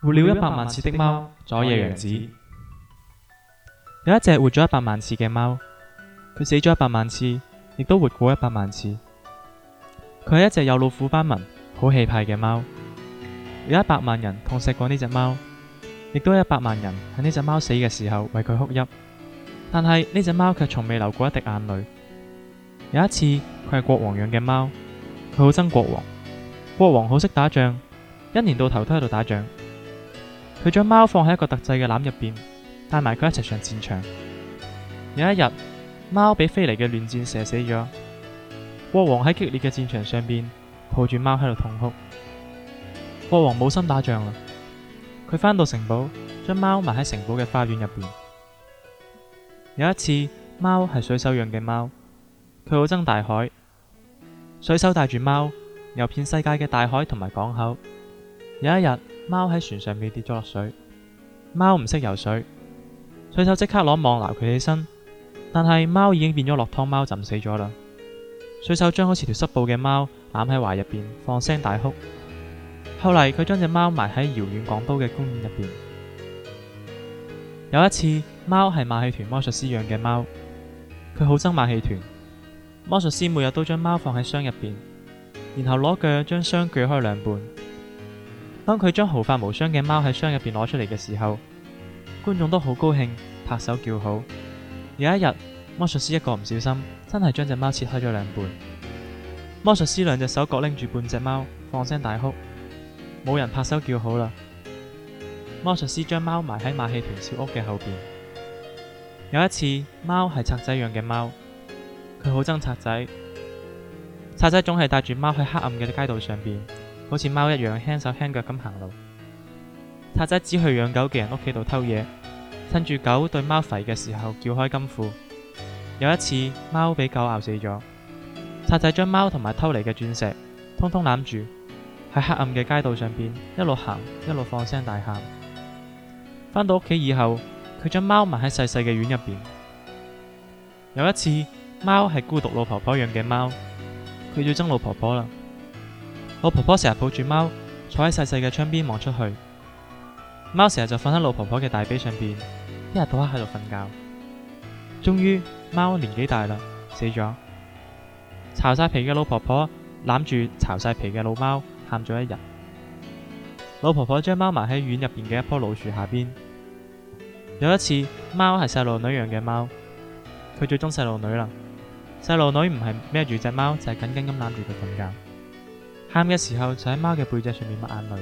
活了一百萬次的貓，佐野洋子，有一隻活咗一百萬次嘅貓，佢死咗一百萬次，亦都活過一百萬次。佢係一隻有老虎斑紋、好氣派嘅貓。有一百萬人痛錫過呢隻貓，亦都有一百萬人喺呢隻貓死嘅時候為佢哭泣。但係呢隻貓卻從未流過一滴眼淚。有一次，佢係國王養嘅貓，佢好憎國王。國王好識打仗，一年到頭都喺度打仗。佢將貓放喺一個特製嘅籃入邊，帶埋佢一齊上戰場。有一日，貓俾飛嚟嘅亂箭射死咗。國王喺激烈嘅戰場上邊，抱住貓喺度痛哭。國王冇心打仗啦，佢返到城堡，將貓埋喺城堡嘅花園入邊。有一次，貓係水手養嘅貓，佢好憎大海。水手帶住貓遊遍世界嘅大海同埋港口。有一日。貓喺船上面跌咗落水，貓唔識游水，水手即刻攞網撈佢起身，但係貓已經變咗落湯貓，浸死咗啦。水手將好似條濕布嘅貓攬喺懷入邊，放聲大哭。後嚟佢將隻貓埋喺遙遠廣都嘅公園入邊。有一次，貓係馬戲團魔術師養嘅貓，佢好憎馬戲團，魔術師每日都將貓放喺箱入邊，然後攞腳將箱鋸開兩半。當佢將毫髮無傷嘅貓喺箱入邊攞出嚟嘅時候，觀眾都好高興，拍手叫好。有一日，魔術師一個唔小心，真係將隻貓切開咗兩半。魔術師兩隻手各拎住半隻貓，放聲大哭，冇人拍手叫好啦。魔術師將貓埋喺馬戲團小屋嘅後邊。有一次，貓係賊仔養嘅貓，佢好憎賊仔，賊仔總係帶住貓喺黑暗嘅街道上邊。好似貓一樣輕手輕腳咁行路，賊仔只去養狗嘅人屋企度偷嘢，趁住狗對貓吠嘅時候撬開金庫。有一次，貓俾狗咬死咗，賊仔將貓同埋偷嚟嘅鑽石通通攬住，喺黑暗嘅街道上邊一路行一路放聲大喊。返到屋企以後，佢將貓埋喺細細嘅院入邊。有一次，貓係孤獨老婆婆養嘅貓，佢最憎老婆婆啦。老婆婆成日抱住貓坐喺細細嘅窗邊望出去，貓成日就瞓喺老婆婆嘅大髀上邊，一日到黑喺度瞓覺。終於，貓年紀大啦，死咗。巢晒皮嘅老婆婆攬住巢晒皮嘅老貓，喊咗一日。老婆婆將貓埋喺院入邊嘅一棵老樹下邊。有一次，貓係細路女養嘅貓，佢最憎細路女啦。細路女唔係孭住隻貓，就係緊緊咁攬住佢瞓覺。喊嘅時候就喺貓嘅背脊上面抹眼淚。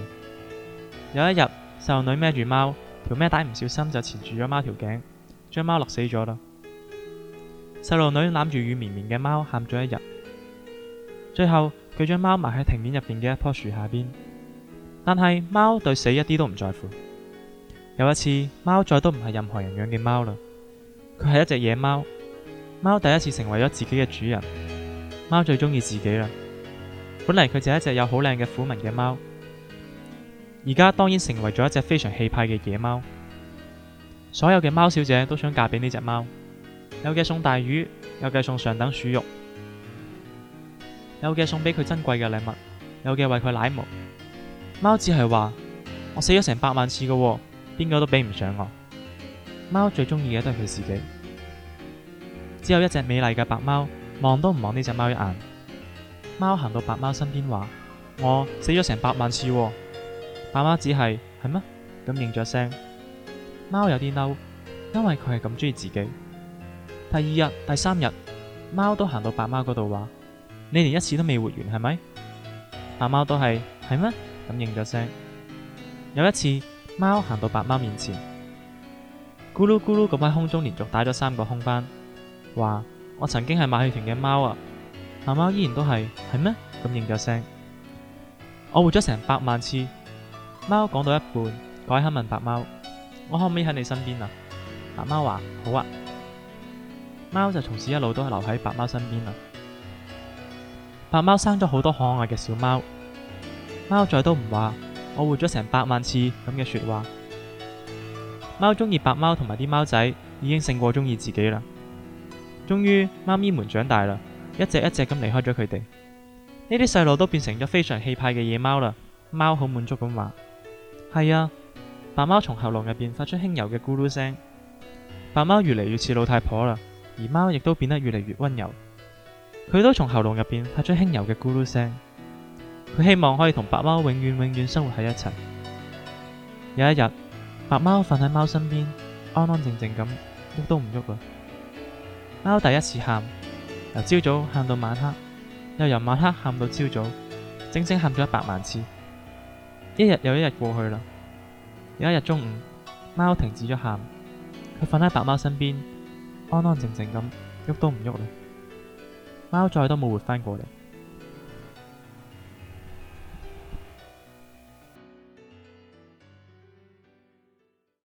有一日，細路女孭住貓，條孭帶唔小心就纏住咗貓條頸，將貓勒死咗啦。細路女攬住軟綿綿嘅貓，喊咗一日。最後，佢將貓埋喺庭院入邊嘅一棵樹下邊。但係貓對死一啲都唔在乎。有一次，貓再都唔係任何人養嘅貓啦，佢係一隻野貓。貓第一次成為咗自己嘅主人，貓最中意自己啦。本嚟佢就係一隻有好靚嘅虎紋嘅貓，而家當然成為咗一隻非常氣派嘅野貓。所有嘅貓小姐都想嫁俾呢隻貓，有嘅送大魚，有嘅送上等鼠肉，有嘅送俾佢珍貴嘅禮物，有嘅為佢奶毛。貓只係話：我死咗成百萬次嘅，邊個都比唔上我。貓最中意嘅都係佢自己，只有一隻美麗嘅白貓望都唔望呢隻貓一眼。貓行到白貓身邊，話：我死咗成百萬次啊。白貓只係係咩？咁應咗聲。貓有啲嬲，因為佢係咁中意自己。第二日、第三日，貓都行到白貓嗰度，話：你連一次都未活完，係咪？白貓都係係咩？咁應咗聲。有一次，貓行到白貓面前，咕嚕咕嚕咁喺空中連續打咗三個空翻，話：我曾經係馬戲團嘅貓啊！白貓依然都係係咩咁應咗聲。我活咗成百萬次，貓講到一半，改口問白貓，我可唔可以喺你身邊啊？白貓話，好啊。貓就從此一路都係留喺白貓身邊啦。白貓生咗好多可愛嘅小貓，貓再都唔話我活咗成百萬次咁嘅說話。貓中意白貓同埋啲貓仔，已經勝過中意自己啦。終於，貓咪們長大啦。一隻一隻咁離開咗佢哋，呢啲細路都變成咗非常氣派嘅野貓啦。貓好滿足咁話：係啊。白貓從喉嚨入邊發出輕柔嘅咕嚕聲。白貓越嚟越似老太婆啦，而貓亦都變得越嚟越温柔。佢都從喉嚨入邊發出輕柔嘅咕嚕聲。佢希望可以同白貓永遠永遠生活喺一齊。有一日，白貓瞓喺貓身邊，安安靜靜咁喐都唔喐啊。貓第一次喊。由朝早喊到晚黑，又由晚黑喊到朝早，整整喊咗一百萬次。一日又一日過去啦。有一日中午，貓停止咗喊，佢瞓喺白貓身邊，安安靜靜咁，喐都唔喐啦。貓再都冇活翻過嚟。